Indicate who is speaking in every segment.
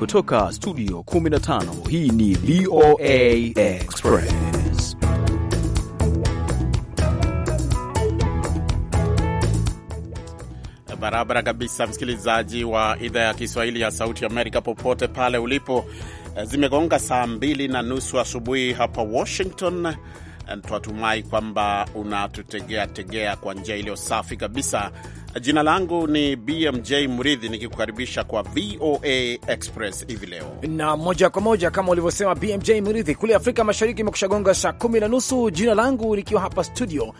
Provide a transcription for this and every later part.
Speaker 1: kutoka studio 15 hii ni
Speaker 2: VOA Express. Barabara kabisa, msikilizaji wa idhaa ya Kiswahili ya Sauti Amerika, popote pale ulipo, zimegonga saa mbili na nusu asubuhi hapa Washington. twatumai kwamba unatutegea tegea kwa njia iliyo safi kabisa Jina langu ni BMJ Mridhi nikikukaribisha kwa VOA Express hivi leo,
Speaker 1: na moja kwa moja kama ulivyosema BMJ Mridhi, kule Afrika Mashariki imekushagonga saa kumi na nusu. Jina langu likiwa hapa studio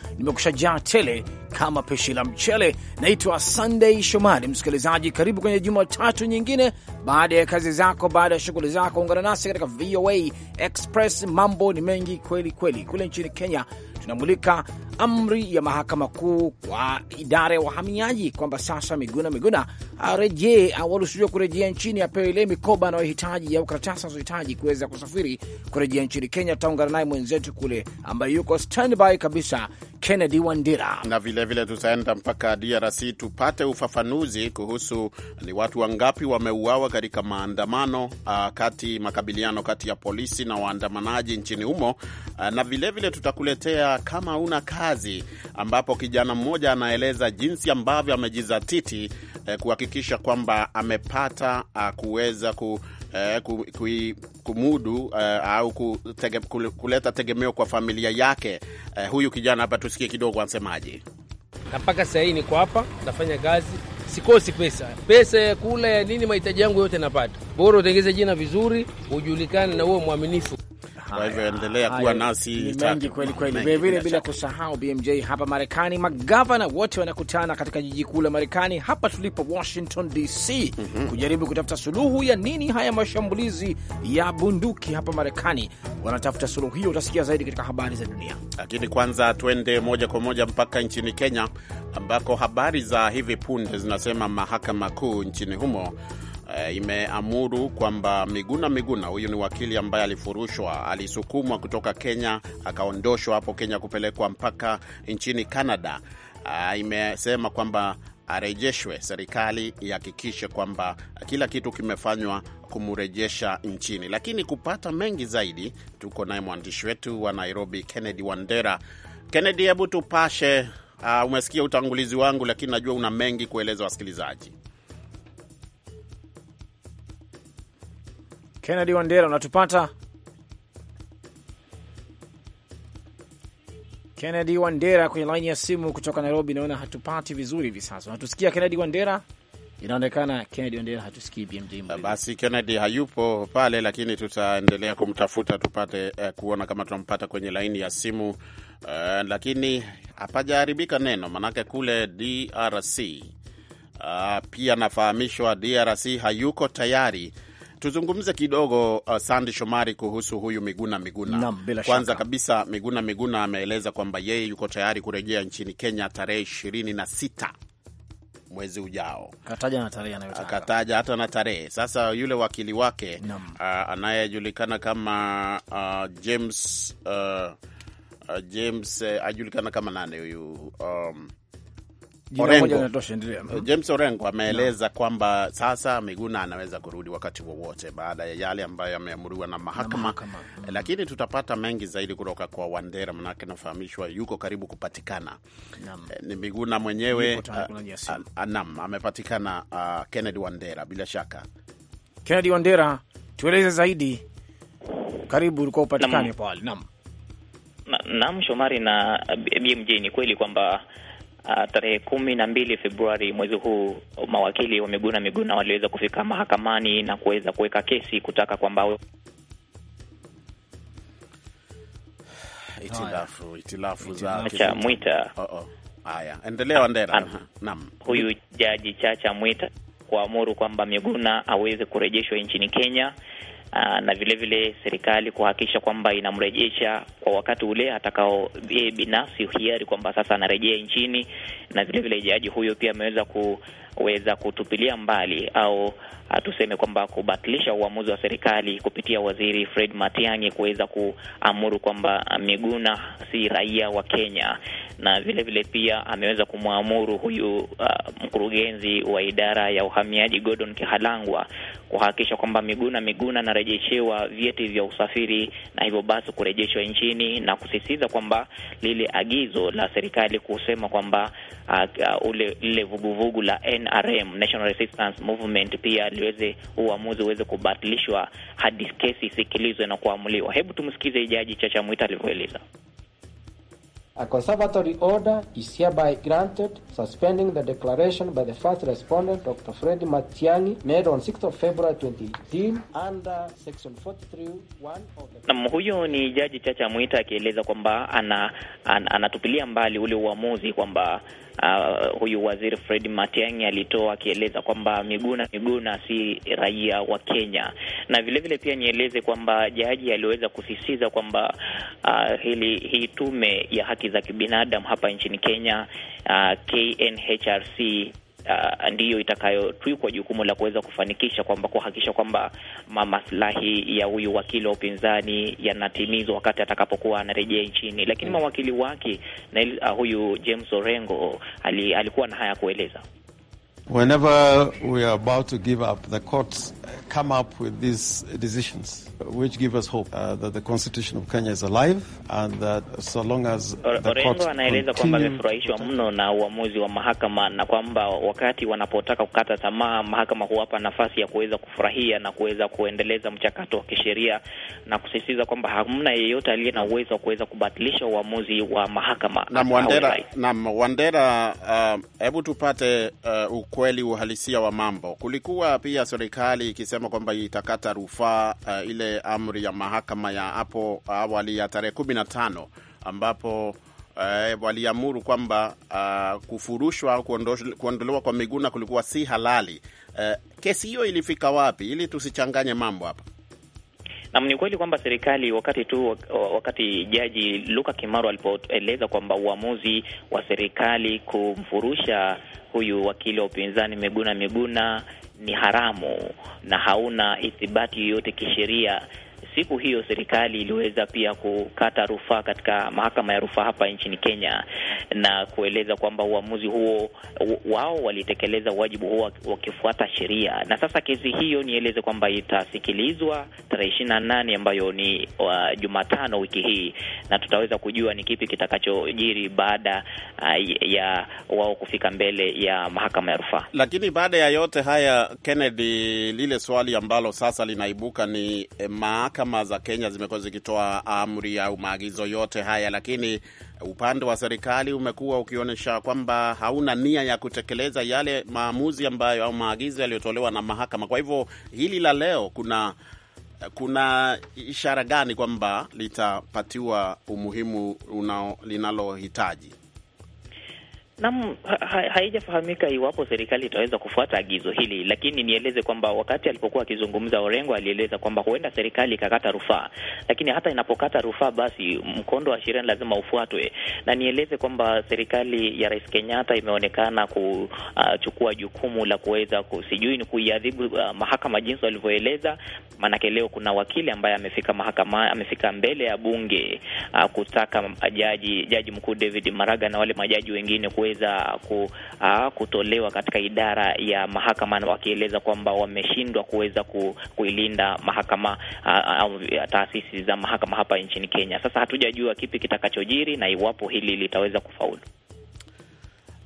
Speaker 1: jaa tele kama pishi la mchele. Naitwa Sunday Shomari. Msikilizaji, karibu kwenye Jumatatu nyingine baada ya kazi zako, baada ya shughuli zako. Ungana nasi katika VOA Express. Mambo ni mengi kweli kweli. Kule nchini Kenya tunamulika amri ya mahakama kuu kwa idara ya wahamiaji kwamba sasa Miguna Miguna arejee au aruhusiwe kurejea nchini, apewe ile mikoba anayohitaji au karatasi anazohitaji kuweza
Speaker 2: kusafiri kurejea nchini Kenya. Tutaungana naye mwenzetu kule ambaye yuko standby kabisa Kennedy Wandira, na vilevile tutaenda mpaka DRC tupate ufafanuzi kuhusu ni watu wangapi wameuawa katika maandamano uh, kati makabiliano kati ya polisi na waandamanaji nchini humo uh, na vilevile vile tutakuletea kama una kazi, ambapo kijana mmoja anaeleza jinsi ambavyo amejizatiti uh, kuhakikisha kwamba amepata ah, kuweza ku eh, kumudu eh, au kutege, kuleta tegemeo kwa familia yake. Eh, huyu kijana hapa, tusikie kidogo anasemaje.
Speaker 3: Na mpaka sasa hii niko hapa, nafanya kazi, sikosi pesa, pesa ya kula ya nini, mahitaji yangu yote napata. Bora utengeze jina vizuri, ujulikane na uwe
Speaker 2: mwaminifu. Endelea kuwa nasi mengi kweli kweli, vilevile bila
Speaker 1: kusahau BMJ. Hapa Marekani magavana wote wanakutana katika jiji kuu la Marekani hapa tulipo Washington DC, mm -hmm. kujaribu kutafuta suluhu ya nini haya mashambulizi ya bunduki hapa Marekani. Wanatafuta suluhu hiyo, utasikia zaidi katika habari za dunia,
Speaker 2: lakini kwanza tuende moja kwa moja mpaka nchini Kenya ambako habari za hivi punde zinasema mahakama kuu nchini humo e, imeamuru kwamba Miguna Miguna, huyu ni wakili ambaye alifurushwa, alisukumwa kutoka Kenya akaondoshwa hapo Kenya kupelekwa mpaka nchini Canada. E, imesema kwamba arejeshwe, serikali ihakikishe kwamba kila kitu kimefanywa kumrejesha nchini. Lakini kupata mengi zaidi, tuko naye mwandishi wetu wa Nairobi, Kennedy Wandera. Kennedy, hebu tupashe. Uh, umesikia utangulizi wangu, lakini najua una mengi kueleza wasikilizaji.
Speaker 1: Kennedy Wandera, unatupata? Kennedy Wandera kwenye laini ya simu kutoka Nairobi, naona hatupati vizuri hivi sasa. Unatusikia Kennedy Wandera? Inaonekana Kennedy Wandera hatusikii.
Speaker 2: BMJ, basi Kennedy hayupo pale, lakini tutaendelea kumtafuta tupate eh, kuona kama tunampata kwenye laini ya simu eh, lakini hapajaharibika neno, manake kule DRC ah, pia nafahamishwa DRC hayuko tayari tuzungumze kidogo uh, Sandi Shomari kuhusu huyu Miguna Miguna. Naam, kwanza shaka kabisa Miguna Miguna ameeleza kwamba yeye yuko tayari kurejea nchini Kenya tarehe ishirini na sita mwezi ujao.
Speaker 1: Akataja na tarehe anayotaka,
Speaker 2: hata na tarehe. Sasa yule wakili wake uh, anayejulikana kama uh, James uh, uh, James uh, ajulikana kama nani huyu um, Orengo. Eh, James Orengo ameeleza no. kwamba sasa Miguna anaweza kurudi wakati wowote baada ya yale ambayo yameamuriwa na mahakama, na mahakama. Mm Lakini tutapata mengi zaidi kutoka kwa Wandera, manake nafahamishwa yuko karibu kupatikana nam. Eh, ni Miguna mwenyewe nam ah, amepatikana. Uh, Kennedy Wandera, bila shaka Kennedy Wandera, tueleze zaidi,
Speaker 1: karibu ulikuwa upatikane pale
Speaker 4: nam. Shomari na BMJ, ni kweli kwamba uh, tarehe kumi na mbili Februari mwezi huu mawakili wa Miguna Miguna waliweza kufika mahakamani na kuweza kuweka kesi kutaka kwamba
Speaker 2: itilafu itilafu za cha Mwita.
Speaker 4: Oh, oh. Haya, endelea Wandera. Naam, huyu jaji Chacha Mwita kuamuru kwamba Miguna aweze kurejeshwa nchini Kenya Ah, na vile vile serikali kuhakikisha kwamba inamrejesha kwa wakati ule atakao yeye eh, binafsi hiari kwamba sasa anarejea nchini, na vile vile jaji huyo pia ameweza ku weza kutupilia mbali au ah, tuseme kwamba kubatilisha uamuzi wa serikali kupitia waziri Fred Matiang'i kuweza kuamuru kwamba Miguna si raia wa Kenya, na vile vile pia ameweza kumwamuru huyu uh, mkurugenzi wa idara ya uhamiaji Gordon Kihalangwa kuhakikisha kwamba Miguna Miguna anarejeshewa vyeti vya usafiri na hivyo basi kurejeshwa nchini, na kusisitiza kwamba lile agizo la serikali kusema kwamba uh, uh, ule lile vuguvugu la NRM, National Resistance Movement, pia liweze uamuzi uweze kubatilishwa hadi kesi isikilizwe na kuamuliwa. Hebu tumsikize Jaji Chacha Mwita alivyoeleza.
Speaker 5: A conservatory
Speaker 1: order is hereby granted suspending the declaration by the first respondent, Dr. Fred Matiang'i, made on 6th of February 2018 under section 431
Speaker 4: of the... Na huyo ni Jaji Chacha Mwita akieleza kwamba ana, an, anatupilia mbali ule uamuzi kwamba Uh, huyu waziri Fred Matiang'i alitoa akieleza kwamba Miguna Miguna si raia wa Kenya, na vile vile pia nieleze kwamba jaji aliweza kusisitiza kwamba uh, hili hii tume ya haki za kibinadamu hapa nchini Kenya, uh, KNHRC Uh, ndiyo itakayotwikwa jukumu la kuweza kufanikisha kwamba kuhakikisha kwamba maslahi ya huyu wakili wa upinzani yanatimizwa wakati atakapokuwa anarejea nchini, lakini mm. mawakili wake na uh, huyu James Orengo ali, alikuwa na haya kueleza.
Speaker 2: Whenever we are about to give up, the courts uh, come up with these decisions, which give us hope uh, that the constitution of Kenya is alive and that so long as the court. Anaeleza kwamba
Speaker 4: amefurahishwa mno na uamuzi wa mahakama na kwamba wakati wanapotaka kukata tamaa, mahakama huwapa nafasi ya kuweza kufurahia na kuweza kuendeleza mchakato wa kisheria na kusisitiza kwamba hamna yeyote aliye na uwezo wa kuweza kubatilisha uamuzi wa mahakama. Na Wandera,
Speaker 2: na Wandera, uh, hebu uh, tupate uh, kweli uhalisia wa mambo. Kulikuwa pia serikali ikisema kwamba itakata rufaa uh, ile amri ya mahakama ya hapo awali ya tarehe kumi na tano ambapo uh, waliamuru kwamba uh, kufurushwa au kuondolewa kwa Miguna kulikuwa si halali. Uh, kesi hiyo ilifika wapi, ili tusichanganye mambo hapa?
Speaker 4: Nam, ni kweli kwamba serikali wakati tu wakati Jaji Luka Kimaro alipoeleza kwamba uamuzi wa serikali kumfurusha huyu wakili wa upinzani Miguna Miguna ni haramu na hauna ithibati yoyote kisheria siku hiyo serikali iliweza pia kukata rufaa katika mahakama ya rufaa hapa nchini Kenya na kueleza kwamba uamuzi huo wao walitekeleza wajibu huo wakifuata sheria. Na sasa kesi hiyo nieleze kwamba itasikilizwa tarehe ishirini na nane ambayo ni uh, Jumatano wiki hii, na tutaweza kujua ni kipi kitakachojiri baada uh, ya wao kufika mbele ya mahakama ya rufaa.
Speaker 2: Lakini baada ya yote haya, Kennedy, lile swali ambalo sasa linaibuka ni eh, mahakama mahakama za Kenya zimekuwa zikitoa amri au maagizo yote haya, lakini upande wa serikali umekuwa ukionyesha kwamba hauna nia ya kutekeleza yale maamuzi ambayo au maagizo yaliyotolewa na mahakama. Kwa hivyo hili la leo, kuna kuna ishara gani kwamba litapatiwa umuhimu linalohitaji?
Speaker 4: Naam, haijafahamika ha iwapo serikali itaweza kufuata agizo hili, lakini nieleze kwamba wakati alipokuwa akizungumza Orengo alieleza kwamba huenda serikali ikakata rufaa, lakini hata inapokata rufaa, basi mkondo wa sheria lazima ufuatwe. Na nieleze kwamba serikali ya Rais Kenyatta imeonekana kuchukua jukumu la kuweza sijui ni kuiadhibu uh, mahakama jinsi walivyoeleza, maanake leo kuna wakili ambaye amefika mahakama, amefika mbele ya bunge uh, kutaka jaji jaji mkuu David Maraga na wale majaji wengine kuwe kuweza ku, uh, kutolewa katika idara ya mahakama, wakieleza kwamba wameshindwa kuweza ku, kuilinda mahakama ah, ah, au uh, uh, taasisi za mahakama hapa nchini Kenya. Sasa hatujajua kipi kitakachojiri na iwapo hili litaweza kufaulu.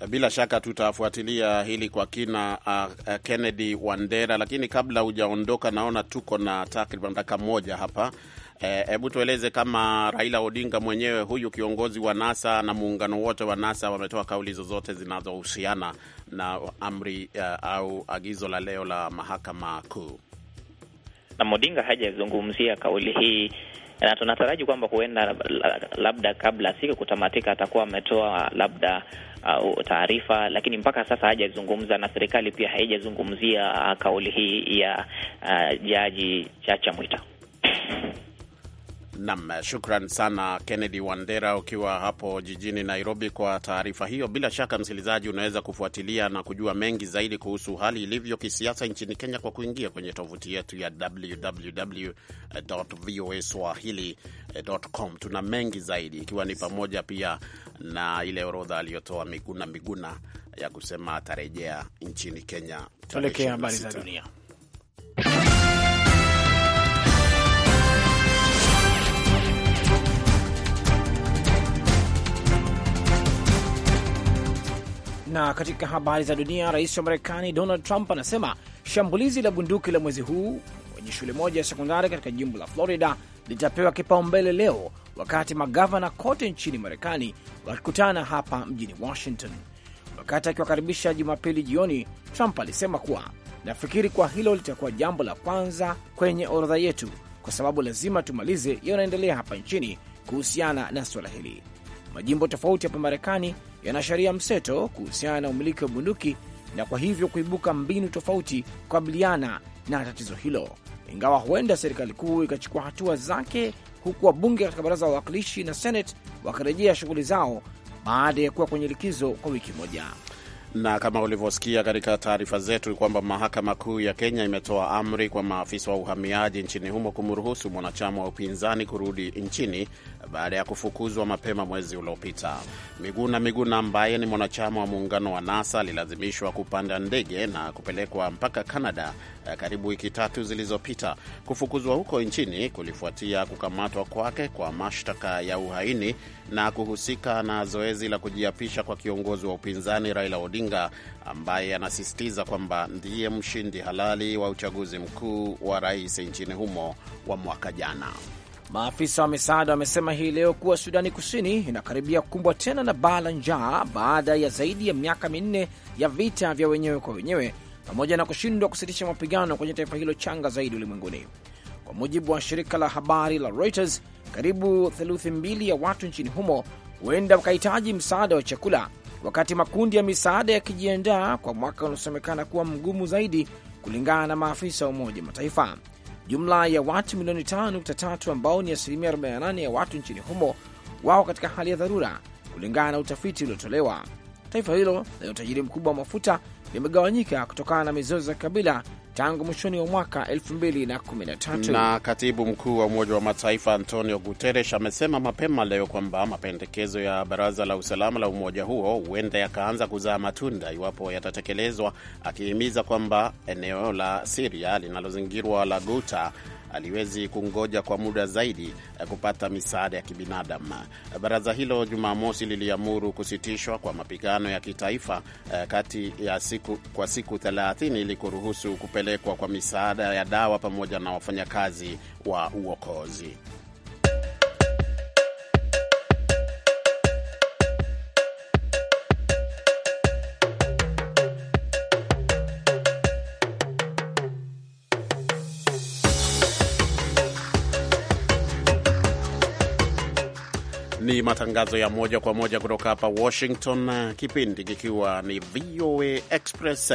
Speaker 2: Bila shaka tutafuatilia hili kwa kina uh, uh, Kennedy Wandera, lakini kabla hujaondoka, naona tuko na takriban dakika moja hapa Eh, hebu e, tueleze kama Raila Odinga mwenyewe huyu kiongozi wa NASA na muungano wote wa NASA wametoa kauli zozote zinazohusiana na amri uh, au agizo la
Speaker 4: leo la mahakama kuu. Na Odinga hajazungumzia kauli hii na tunataraji kwamba huenda labda kabla siku kutamatika atakuwa ametoa labda uh, taarifa, lakini mpaka sasa hajazungumza, na serikali pia haijazungumzia uh, kauli hii ya uh, Jaji Chacha Mwita.
Speaker 2: Nam, shukran sana Kennedy Wandera ukiwa hapo jijini Nairobi kwa taarifa hiyo. Bila shaka, msikilizaji, unaweza kufuatilia na kujua mengi zaidi kuhusu hali ilivyo kisiasa nchini Kenya kwa kuingia kwenye tovuti yetu ya www.voaswahili.com. Tuna mengi zaidi, ikiwa ni pamoja pia na ile orodha aliyotoa Miguna Miguna ya kusema atarejea nchini Kenya. Tuelekee habari za dunia.
Speaker 1: Na katika habari za dunia, rais wa Marekani Donald Trump anasema shambulizi la bunduki la mwezi huu kwenye shule moja ya sekondari katika jimbo la Florida litapewa kipaumbele leo, wakati magavana kote nchini Marekani wakikutana hapa mjini Washington. Wakati akiwakaribisha Jumapili jioni, Trump alisema kuwa nafikiri kuwa hilo litakuwa jambo la kwanza kwenye orodha yetu, kwa sababu lazima tumalize yanaendelea hapa nchini kuhusiana na suala hili majimbo tofauti hapa Marekani yana sheria mseto kuhusiana na umiliki wa bunduki na kwa hivyo kuibuka mbinu tofauti kukabiliana na tatizo hilo, ingawa huenda serikali kuu ikachukua hatua zake, huku wabunge katika baraza la wawakilishi na Senate wakirejea shughuli zao
Speaker 2: baada ya kuwa kwenye likizo kwa wiki moja. Na kama ulivyosikia katika taarifa zetu ni kwamba mahakama kuu ya Kenya imetoa amri kwa maafisa wa uhamiaji nchini humo kumruhusu mwanachama wa upinzani kurudi nchini baada ya kufukuzwa mapema mwezi uliopita. Miguna Miguna ambaye ni mwanachama wa muungano wa NASA alilazimishwa kupanda ndege na kupelekwa mpaka Kanada eh, karibu wiki tatu zilizopita. Kufukuzwa huko nchini kulifuatia kukamatwa kwake kwa mashtaka ya uhaini na kuhusika na zoezi la kujiapisha kwa kiongozi wa upinzani Raila Odinga ambaye anasisitiza kwamba ndiye mshindi halali wa uchaguzi mkuu wa rais nchini humo wa mwaka jana.
Speaker 1: Maafisa wa misaada wamesema hii leo kuwa Sudani Kusini inakaribia kukumbwa tena na baa la njaa baada ya zaidi ya miaka minne ya vita vya wenyewe kwa wenyewe pamoja na kushindwa kusitisha mapigano kwenye taifa hilo changa zaidi ulimwenguni. Kwa mujibu wa shirika la habari la Reuters, karibu theluthi mbili ya watu nchini humo huenda wakahitaji msaada wa chakula, wakati makundi ya misaada yakijiandaa kwa mwaka unaosemekana kuwa mgumu zaidi, kulingana na maafisa wa Umoja Mataifa. Jumla ya watu milioni 5.3 ambao ni asilimia 48 ya watu nchini humo wao katika hali ya dharura, kulingana na utafiti uliotolewa. Taifa hilo lenye utajiri mkubwa wa mafuta limegawanyika kutokana na mizozo ya kabila tangu mwishoni wa mwaka 2013. Na
Speaker 2: katibu mkuu wa Umoja wa Mataifa Antonio Guterres amesema mapema leo kwamba mapendekezo ya Baraza la Usalama la umoja huo huenda yakaanza kuzaa matunda iwapo yatatekelezwa, akihimiza kwamba eneo la Siria linalozingirwa la Guta haliwezi kungoja kwa muda zaidi eh, kupata misaada ya kibinadamu. Eh, baraza hilo Jumamosi liliamuru kusitishwa kwa mapigano ya kitaifa eh, kati ya siku, kwa siku 30 ili kuruhusu kupelekwa kwa misaada ya dawa pamoja na wafanyakazi wa uokozi. ni matangazo ya moja kwa moja kutoka hapa Washington, kipindi kikiwa ni VOA Express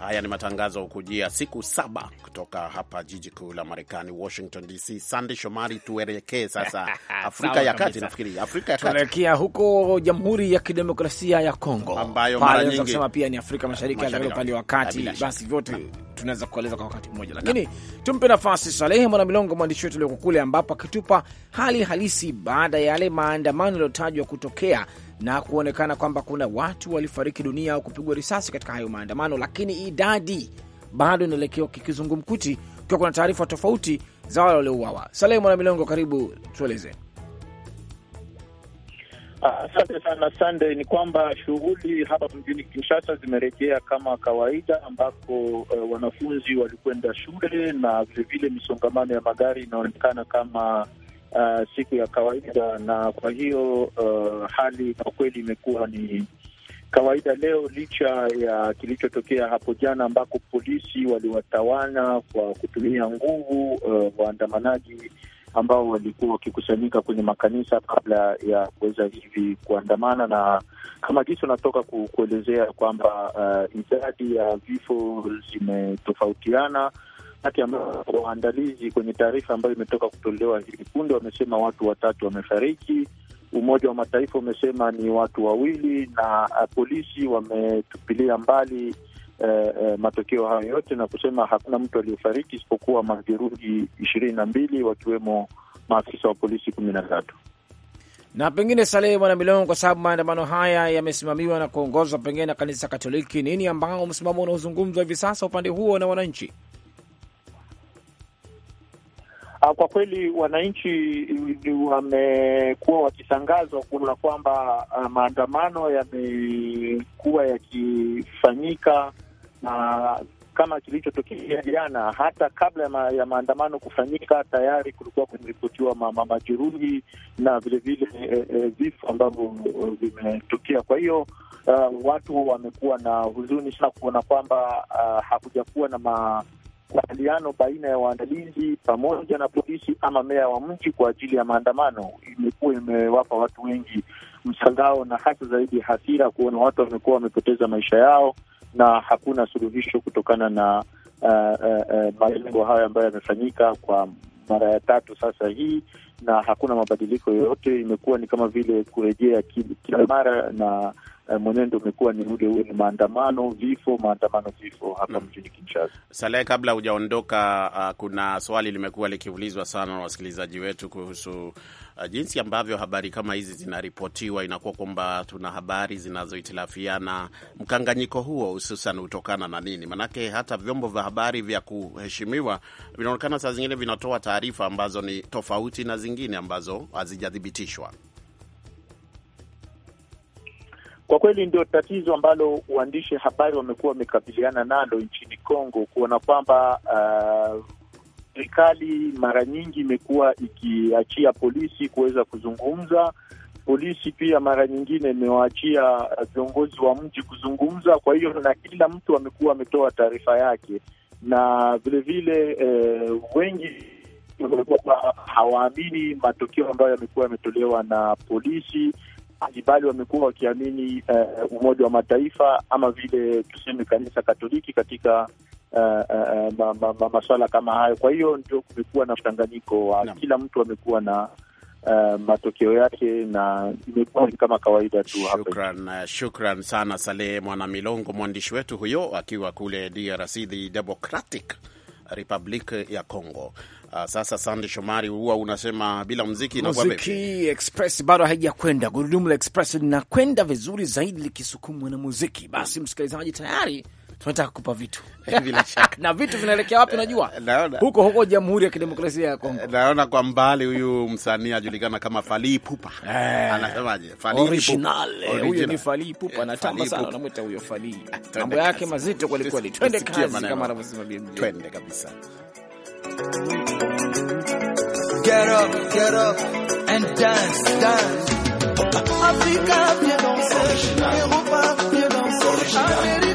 Speaker 2: Haya ni matangazo kujia siku saba kutoka hapa jiji kuu la Marekani, Washington DC. Sande Shomari, tuelekee sasa Afrika ya Kati. Nafikiri Afrika ya Kati
Speaker 1: tuelekea huko Jamhuri ya Kidemokrasia ya Kongo, ambayo mara nyingi kusema pia ni Afrika Mashariki, hata yaani upande wa kati. Basi vyote tunaweza kueleza kwa wakati mmoja, lakini tumpe nafasi Salehe Milongo, mwandishi wetu alioko kule, ambapo akitupa hali halisi baada ya yale maandamano yaliyotajwa kutokea na kuonekana kwamba kuna watu walifariki dunia au kupigwa risasi katika hayo maandamano, lakini idadi bado inaelekewa kikizungumkuti, ukiwa kuna taarifa tofauti za wale waliouawa. Saleh Mwana Milongo, karibu tueleze.
Speaker 5: Asante ah, sana Sande. Ni kwamba shughuli hapa mjini Kinshasa zimerejea kama kawaida, ambapo uh, eh, wanafunzi walikwenda shule na vilevile misongamano ya magari inaonekana kama uh, siku ya kawaida, na kwa hiyo uh, hali kwa kweli imekuwa ni kawaida leo, licha ya kilichotokea hapo jana ambako polisi waliwatawana kwa kutumia nguvu uh, waandamanaji ambao walikuwa wakikusanyika kwenye makanisa kabla ya kuweza hivi kuandamana, na kama jinsi unatoka kuelezea kwamba uh, idadi ya vifo zimetofautiana wakati ambao waandalizi kwenye taarifa ambayo imetoka kutolewa hivi punde wamesema watu watatu wamefariki. Umoja wa Mataifa umesema ni watu wawili, na eh, polisi wametupilia mbali eh, eh, matokeo hayo yote na kusema hakuna mtu aliyefariki isipokuwa majeruhi ishirini na mbili wakiwemo maafisa wa polisi kumi na tatu
Speaker 1: na pengine Salehe Bwana Milongo, kwa sababu maandamano haya yamesimamiwa na kuongozwa pengine na kanisa Katoliki, nini ambao msimamo unaozungumzwa hivi sasa upande huo na wananchi?
Speaker 5: Ah, kwa kweli wananchi wamekuwa wakishangazwa kuona kwamba ah, maandamano yamekuwa yakifanyika na kama kilichotokea jana, hata kabla ya, ma, ya maandamano kufanyika tayari kulikuwa kumeripotiwa majeruhi na vilevile eh, eh, vifo e, e, ambavyo eh, vimetokea. Kwa hiyo uh, watu wamekuwa na huzuni sana kuona kwamba uh, hakujakuwa na ma makubaliano baina ya waandalizi pamoja na polisi ama meya wa mji kwa ajili ya maandamano imekuwa imewapa watu wengi mshangao na hasa zaidi hasira kuona watu wamekuwa wamepoteza maisha yao na hakuna suluhisho kutokana na uh, uh, uh, malengo hayo ambayo yamefanyika kwa mara ya tatu sasa hii, na hakuna mabadiliko yoyote. Imekuwa ni kama vile kurejea kila mara na eh, mwenendo umekuwa ni ule ule, maandamano, vifo, maandamano, vifo hapa mm, mjini Kinshasa.
Speaker 2: Saleh, kabla hujaondoka, uh, kuna swali limekuwa likiulizwa sana na wasikilizaji wetu kuhusu uh, jinsi ambavyo habari kama hizi zinaripotiwa. Inakuwa kwamba tuna habari zinazohitilafiana. Mkanganyiko huo hususan hutokana na nini? Maanake hata vyombo vya habari vya kuheshimiwa vinaonekana saa zingine vinatoa taarifa ambazo ni tofauti na zingine ambazo hazijathibitishwa.
Speaker 5: Kwa kweli ndio tatizo ambalo waandishi habari wamekuwa wamekabiliana nalo nchini Kongo, kuona kwamba uh, serikali uh, mara nyingi imekuwa ikiachia polisi kuweza kuzungumza. Polisi pia mara nyingine imewaachia viongozi wa mji kuzungumza. Kwa hiyo na kila mtu amekuwa ametoa taarifa yake, na vilevile eh, uh, wengi hawaamini matokeo ambayo yamekuwa yametolewa na polisi bali wamekuwa wakiamini uh, Umoja wa Mataifa ama vile tuseme kanisa Katoliki katika Uh, uh, ma, ma, ma, maswala kama hayo. Kwa hiyo ndio kumekuwa na mchanganyiko wa no. Kila mtu amekuwa na uh, matokeo yake na imekuwa kama kawaida tu. Shukran,
Speaker 2: shukran sana Saleh Mwana Milongo, mwandishi wetu huyo akiwa kule DRC, the Democratic Republic ya Congo. Uh, sasa Sande Shomari, huwa unasema bila mziki inakuwa muziki
Speaker 1: express bado haija kwenda. Gurudumu la express linakwenda vizuri zaidi likisukumwa na muziki. Basi msikilizaji, tayari tunataka kupa vitu bila shaka na
Speaker 2: vitu vinaelekea wapi? Unajua, eh,
Speaker 1: huko huko Jamhuri ya Kidemokrasia ya Kongo. Eh,
Speaker 2: naona kwa mbali huyu msanii ajulikana kama Fali Pupa eh. anasemaje? Fali original, huyu ni Fally
Speaker 1: Ipupa, anatamba sana, anamwita huyo Fali, Mambo yake mazito kweli kweli. Twende kazi, kama anavyosema,
Speaker 6: twende kabisa. Get up, get up and dance, dance. Africa, viens danser. Europa, viens danser.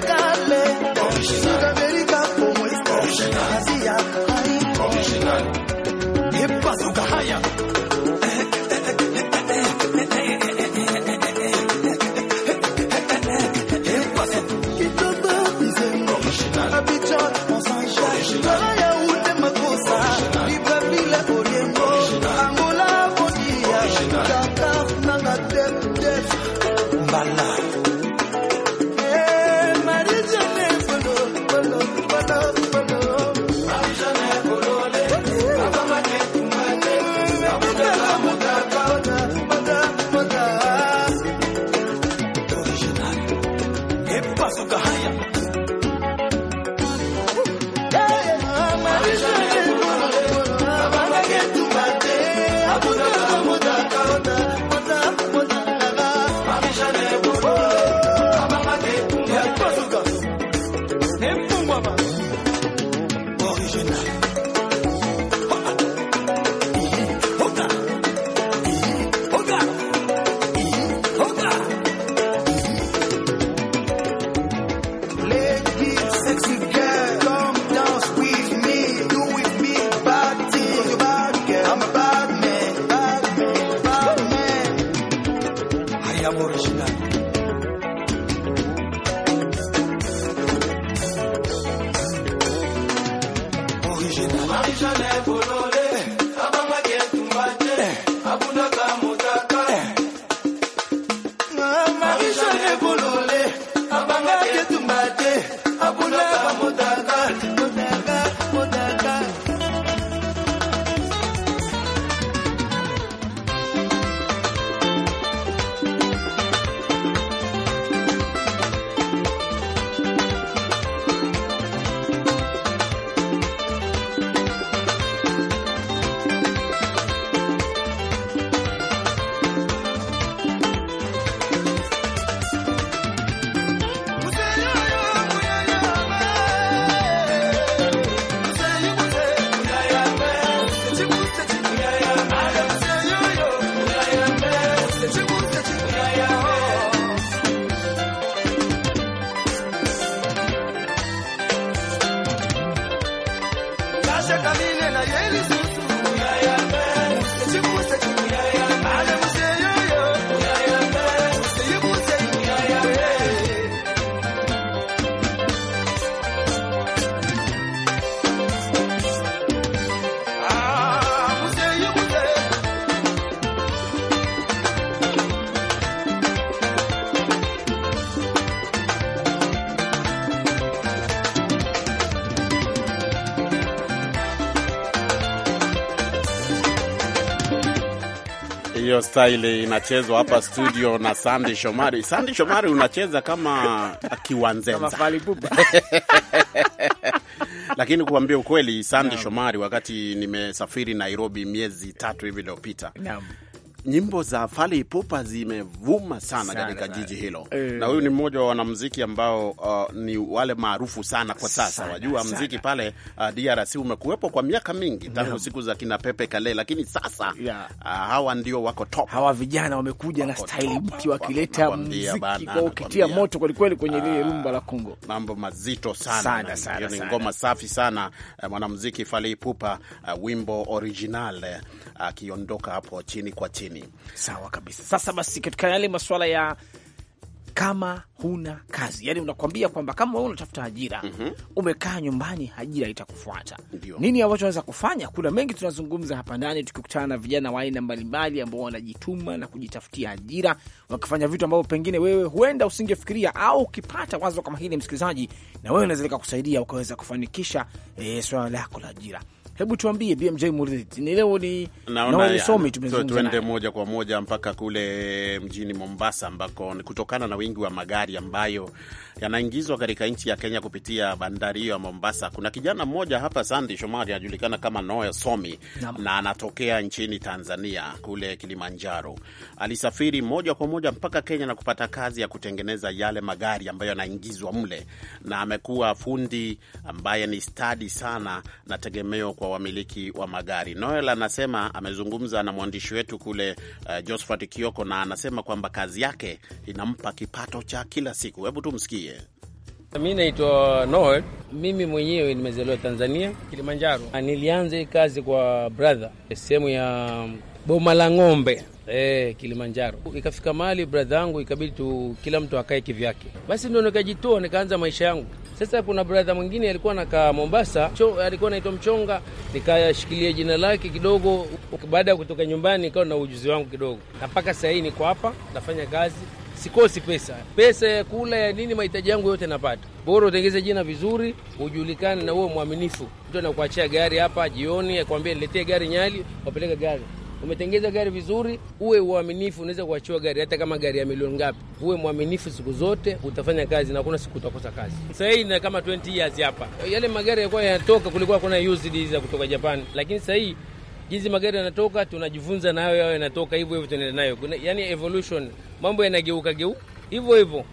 Speaker 6: abuna
Speaker 2: hiyo style inachezwa hapa studio na Sandy Shomari. Sandy Shomari, unacheza kama kiwanzenza lakini kuambia ukweli, Sandy Shomari, wakati nimesafiri Nairobi miezi tatu hivi iliyopita nyimbo za Fally Ipupa zimevuma sana katika jiji hilo e. Na huyu ni mmoja wa wanamziki ambao uh, ni wale maarufu sana kwa sasa wajua Mziki pale uh, DRC umekuwepo kwa miaka mingi tangu siku za kina Pepe Kale, lakini sasa yeah.
Speaker 1: uh, hawa ndio wako top. Hawa vijana wamekuja na staili mpya wakileta mziki ukitia moto kwelikweli kwenye lile ah, rumba
Speaker 2: la Kongo, mambo mazito sana. sana. ni ngoma safi sana uh, mwanamuziki Fally Ipupa uh, wimbo original akiondoka uh, hapo chini kwa chini jamii. Sawa kabisa. Sasa basi, katika yale masuala ya
Speaker 1: kama huna kazi, yani unakwambia kwamba kama wewe unatafuta ajira mm -hmm. umekaa nyumbani, ajira itakufuata. Nini ambacho unaweza kufanya? Kuna mengi tunazungumza hapa ndani, tukikutana na vijana wa aina mbalimbali ambao wanajituma na kujitafutia ajira, wakifanya vitu ambavyo pengine wewe huenda usingefikiria, au ukipata wazo kama hili, msikilizaji, na wewe unaweza kusaidia ukaweza kufanikisha e, swala lako la ajira. Hebu tuambie BMJ Muridhi, ni leo ni somi, tuende
Speaker 2: moja kwa moja mpaka kule mjini Mombasa, ambako ni kutokana na wingi wa magari ambayo yanaingizwa katika nchi ya Kenya kupitia bandari hiyo ya Mombasa. Kuna kijana mmoja hapa Sandi Shomari anajulikana kama Noe Somi Nama. na anatokea nchini Tanzania kule Kilimanjaro. Alisafiri moja kwa moja mpaka Kenya na kupata kazi ya kutengeneza yale magari ambayo yanaingizwa mle, na amekuwa fundi ambaye ni stadi sana na tegemeo kwa kwa wamiliki wa magari. Noel anasema amezungumza na mwandishi wetu kule uh, Josphat Kioko, na anasema kwamba kazi yake inampa kipato cha kila siku. Hebu tumsikie.
Speaker 3: Mi naitwa Noel. Mimi mwenyewe nimezaliwa Tanzania, Kilimanjaro. Nilianza hii kazi kwa brother sehemu ya boma la ng'ombe Eh, Kilimanjaro. Ikafika mahali bradha yangu ikabidi tu kila mtu akae kivyake, basi ndio nikajitoa nikaanza maisha yangu. Sasa kuna bradha mwingine alikuwa nakaa Mombasa, alikuwa anaitwa Mchonga, nikashikilia jina lake kidogo. Baada ya kutoka nyumbani, nikawa na ujuzi wangu kidogo, na mpaka sasa hii niko hapa nafanya kazi, sikosi pesa, pesa ya kula ya nini, mahitaji yangu yote napata. Bora utengeze jina vizuri, ujulikane na uwe mwaminifu. Mtu anakuachia gari hapa jioni, akwambia niletee gari Nyali, wapeleka gari umetengeza gari vizuri, uwe uaminifu. Unaweza kuachiwa gari hata kama gari ya milioni ngapi, uwe mwaminifu siku zote, utafanya kazi na kuna siku utakosa kazi. Sasa hii na kama 20 years hapa, yale magari yalikuwa yanatoka, kulikuwa kuna used za kutoka Japan, lakini sasa hii jinsi magari yanatoka, tunajifunza nayo, yao yanatoka hivyo hivyo, tunaenda nayo, yani evolution, mambo yanageuka geu hivyo hivyo.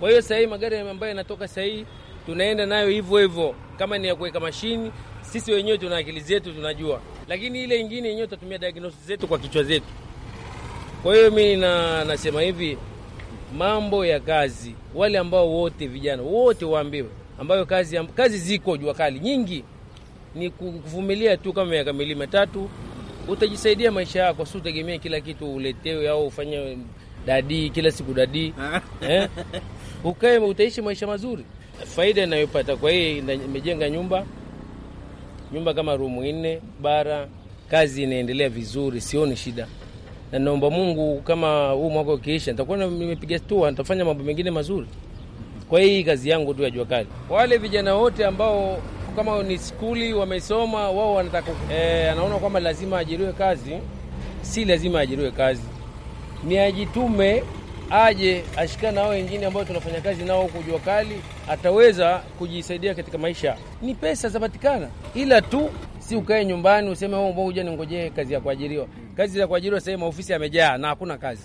Speaker 3: Kwa hiyo sasa hii magari ambayo yanatoka sasa hii tunaenda nayo hivyo hivyo, kama ni ya kuweka mashini sisi wenyewe tuna akili zetu tunajua, lakini ile ingine yenyewe tutatumia diagnosis zetu kwa kichwa zetu. Kwa hiyo mi na, nasema hivi mambo ya kazi, wale ambao wote vijana wote waambiwe, ambayo kazi, kazi ziko jua kali nyingi, ni kuvumilia tu kama miaka milima tatu, utajisaidia maisha yako, si utegemee kila kitu uletewe au ufanye dadii kila siku dadii eh? Ukae utaishi maisha mazuri. Faida inayopata kwa hii, imejenga nyumba nyumba kama rumu nne bara, kazi inaendelea vizuri, sioni shida, na naomba Mungu kama huu mwaka ukiisha, nitakuwa nimepiga stua, nitafanya mambo mengine mazuri kwa hii kazi yangu tu ya jua kali. Wale vijana wote ambao kama ni skuli wamesoma wao wanataka e, anaona kwamba lazima ajiriwe kazi, si lazima ajiriwe kazi, ni ajitume aje ashikana nao wengine ambao tunafanya kazi nao huku jua kali ataweza kujisaidia katika maisha. Ni pesa zapatikana, ila tu si ukae nyumbani useme wewe oh, ningojee kazi ya kuajiriwa. Kazi za kuajiriwa sehemu maofisi yamejaa na hakuna kazi.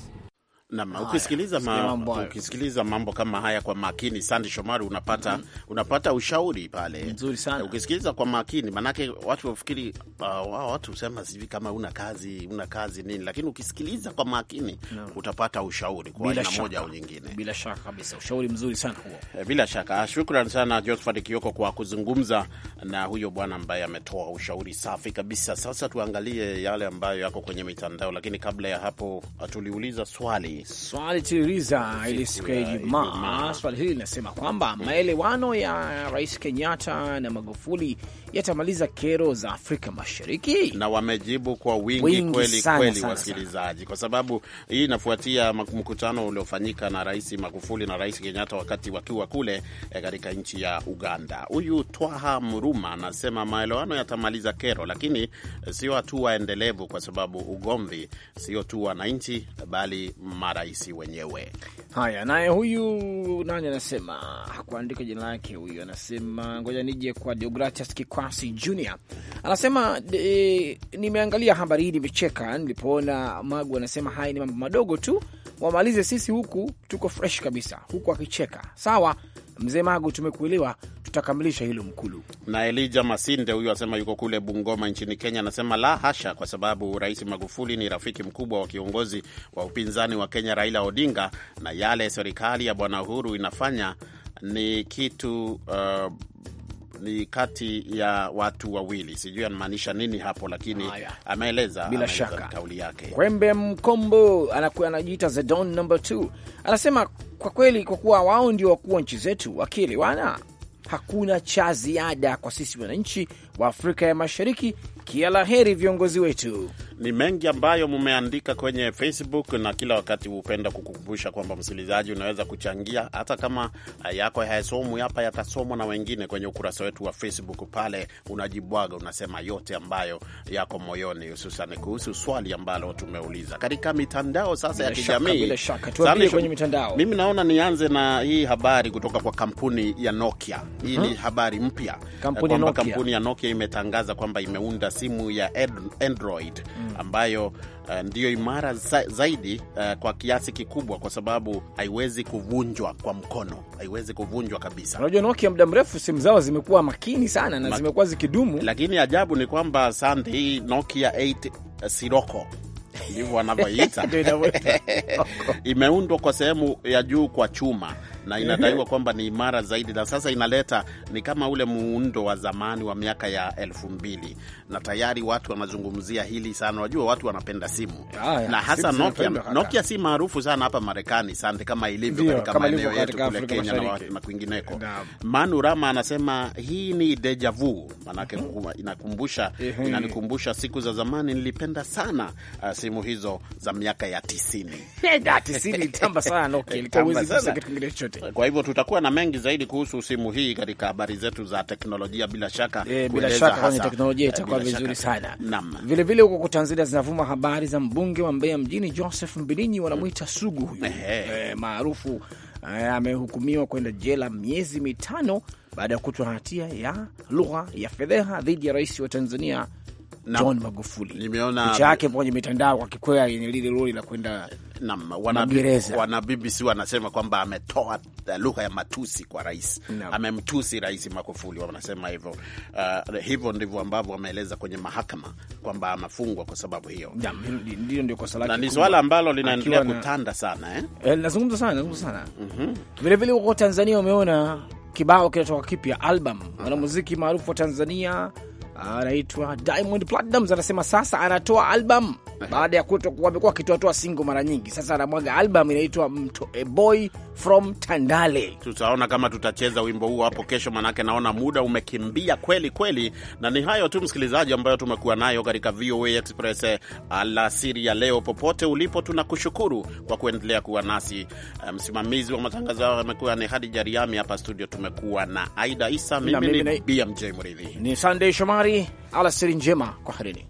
Speaker 2: Nam, ukisikiliza, ma, ukisikiliza mambo kama haya kwa makini, Sandi Shomari, unapata mm -hmm. unapata ushauri pale mzuri sana ukisikiliza kwa makini, maanake watu wafikiri uh, watu husema sivi kama una kazi una kazi nini, lakini ukisikiliza kwa makini no. utapata ushauri kwa aina moja au nyingine. Bila shaka kabisa,
Speaker 1: ushauri mzuri sana huo.
Speaker 2: Eh, bila shaka, ah, shukran sana Josephat Kioko kwa kuzungumza na huyo bwana ambaye ametoa ushauri safi kabisa. Sasa tuangalie yale ambayo yako kwenye mitandao, lakini kabla ya hapo ah, tuliuliza swali
Speaker 1: swali tuliuliza ili siku ya Ijumaa. Swali hili linasema kwamba maelewano ya Rais Kenyatta na Magufuli yatamaliza kero za Afrika
Speaker 2: Mashariki, na wamejibu kwa wingi, wingi kweli sana, kweli wasikilizaji, kwa sababu hii inafuatia mkutano uliofanyika na Rais Magufuli na Rais Kenyatta wakati wakiwa kule eh, katika nchi ya Uganda. Huyu Twaha Mruma anasema maelewano yatamaliza kero, lakini eh, sio hatua endelevu, kwa sababu ugomvi sio tu wananchi bali ma marais wenyewe. Haya, naye huyu nani anasema, hakuandika jina lake huyu, anasema ngoja nije kwa Deogratias
Speaker 1: Kikwasi Jr. anasema e, nimeangalia habari hii nimecheka nilipoona Magu anasema haya ni mambo madogo tu, wamalize sisi huku tuko fresh kabisa, huku akicheka sawa Mzee Magu, tumekuelewa, tutakamilisha hilo Mkulu.
Speaker 2: Na Elija Masinde huyu asema yuko kule Bungoma nchini Kenya, anasema la hasha, kwa sababu Rais Magufuli ni rafiki mkubwa wa kiongozi wa upinzani wa Kenya Raila Odinga, na yale serikali ya Bwana Uhuru inafanya ni kitu uh, ni kati ya watu wawili, sijui anamaanisha nini hapo, lakini Aya. ameeleza bila shaka kauli yake.
Speaker 1: Kwembe Mkombo anakuwa anajiita Zedon number anasema kwa kweli, kwa kuwa wao ndio wakuu wa nchi zetu, wakielewana hakuna cha ziada kwa sisi wananchi wa Afrika ya Mashariki.
Speaker 2: Kila la heri viongozi wetu. Ni mengi ambayo mumeandika kwenye Facebook, na kila wakati hupenda kukukumbusha kwamba msikilizaji, unaweza kuchangia hata kama eh, yako hayasomwi hapa, yatasomwa na wengine kwenye ukurasa wetu wa Facebook. Pale unajibwaga, unasema yote ambayo yako moyoni, hususan kuhusu swali ambalo tumeuliza katika mitandao sasa ya kijamii. Mimi naona nianze na hii habari kutoka kwa kampuni ya Nokia. Hii ni mhm. habari mpya
Speaker 6: kwamba kampuni
Speaker 2: ya Nokia pia imetangaza kwamba imeunda simu ya Android mm. ambayo uh, ndiyo imara za, zaidi uh, kwa kiasi kikubwa, kwa sababu haiwezi kuvunjwa kwa mkono, haiwezi kuvunjwa kabisa. Unajua Nokia muda mrefu
Speaker 1: simu zao zimekuwa makini sana na Ma
Speaker 2: zimekuwa zikidumu, lakini ajabu ni kwamba sandi hii Nokia 8 uh, eh, siroko ndivyo wanavyoita imeundwa kwa sehemu ya juu kwa chuma na inadaiwa kwamba ni imara zaidi, na sasa inaleta ni kama ule muundo wa zamani wa miaka ya elfu mbili na tayari watu wanazungumzia hili sana. Wajua watu wanapenda simu
Speaker 6: ah, na hasa simu Nokia. Nokia
Speaker 2: si maarufu sana hapa Marekani sante kama ilivyo katika maeneo yetu kule Kenya na, na kwingineko. Manu Rama anasema hii ni deja vu, maanake inakumbusha inanikumbusha siku za zamani, nilipenda sana uh, simu hizo za miaka ya tisini. yoyote. Kwa hivyo tutakuwa na mengi zaidi kuhusu simu hii katika habari zetu za teknolojia, bila shaka e, bila shaka kwenye teknolojia eh, itakuwa vizuri sana. vilevile
Speaker 1: vile vile huko Tanzania zinavuma habari za mbunge wa Mbeya mjini Joseph Mbilinyi, wanamwita mm. Sugu huyu e, maarufu amehukumiwa kwenda jela miezi mitano baada ya kutwa hatia ya lugha ya fedheha dhidi ya rais wa Tanzania John
Speaker 2: Magufuli. Nimeona picha yake
Speaker 1: kwenye mitandao kwa kikwea
Speaker 2: yenye lile lori la kwenda Magereza. Wana BBC wanasema kwamba ametoa lugha ya matusi kwa rais, no. amemtusi Rais Magufuli, wanasema hivyo. Uh, hivyo ndivyo ambavyo wameeleza kwenye mahakama kwamba amefungwa kwa sababu hiyo, na ni swala ambalo linaendelea kutanda sana eh?
Speaker 1: Eh, nazungumza sana, nazungumza sana. Mm -hmm. huko Tanzania umeona kibao kinatoka kipya album, wanamuziki maarufu wa Tanzania anaitwa Diamond Platnumz anasema sasa anatoa albamu baada ya kuto wamekuwa akitoatoa singo mara nyingi, sasa anamwaga album inaitwa A Boy From
Speaker 2: Tandale. Tutaona kama tutacheza wimbo huo hapo kesho, manake naona muda umekimbia kweli kweli. Na ni hayo tu msikilizaji, ambayo tumekuwa nayo katika VOA Express eh, alasiri ya leo. Popote ulipo, tunakushukuru kwa kuendelea kuwa nasi. Eh, msimamizi wa matangazo hayo amekuwa ni Hadija Riami. Hapa studio tumekuwa na Aida Isa, mimi ni BMJ Mridhi, ni
Speaker 1: Sunday Shomari. Alasiri njema, kwaherini.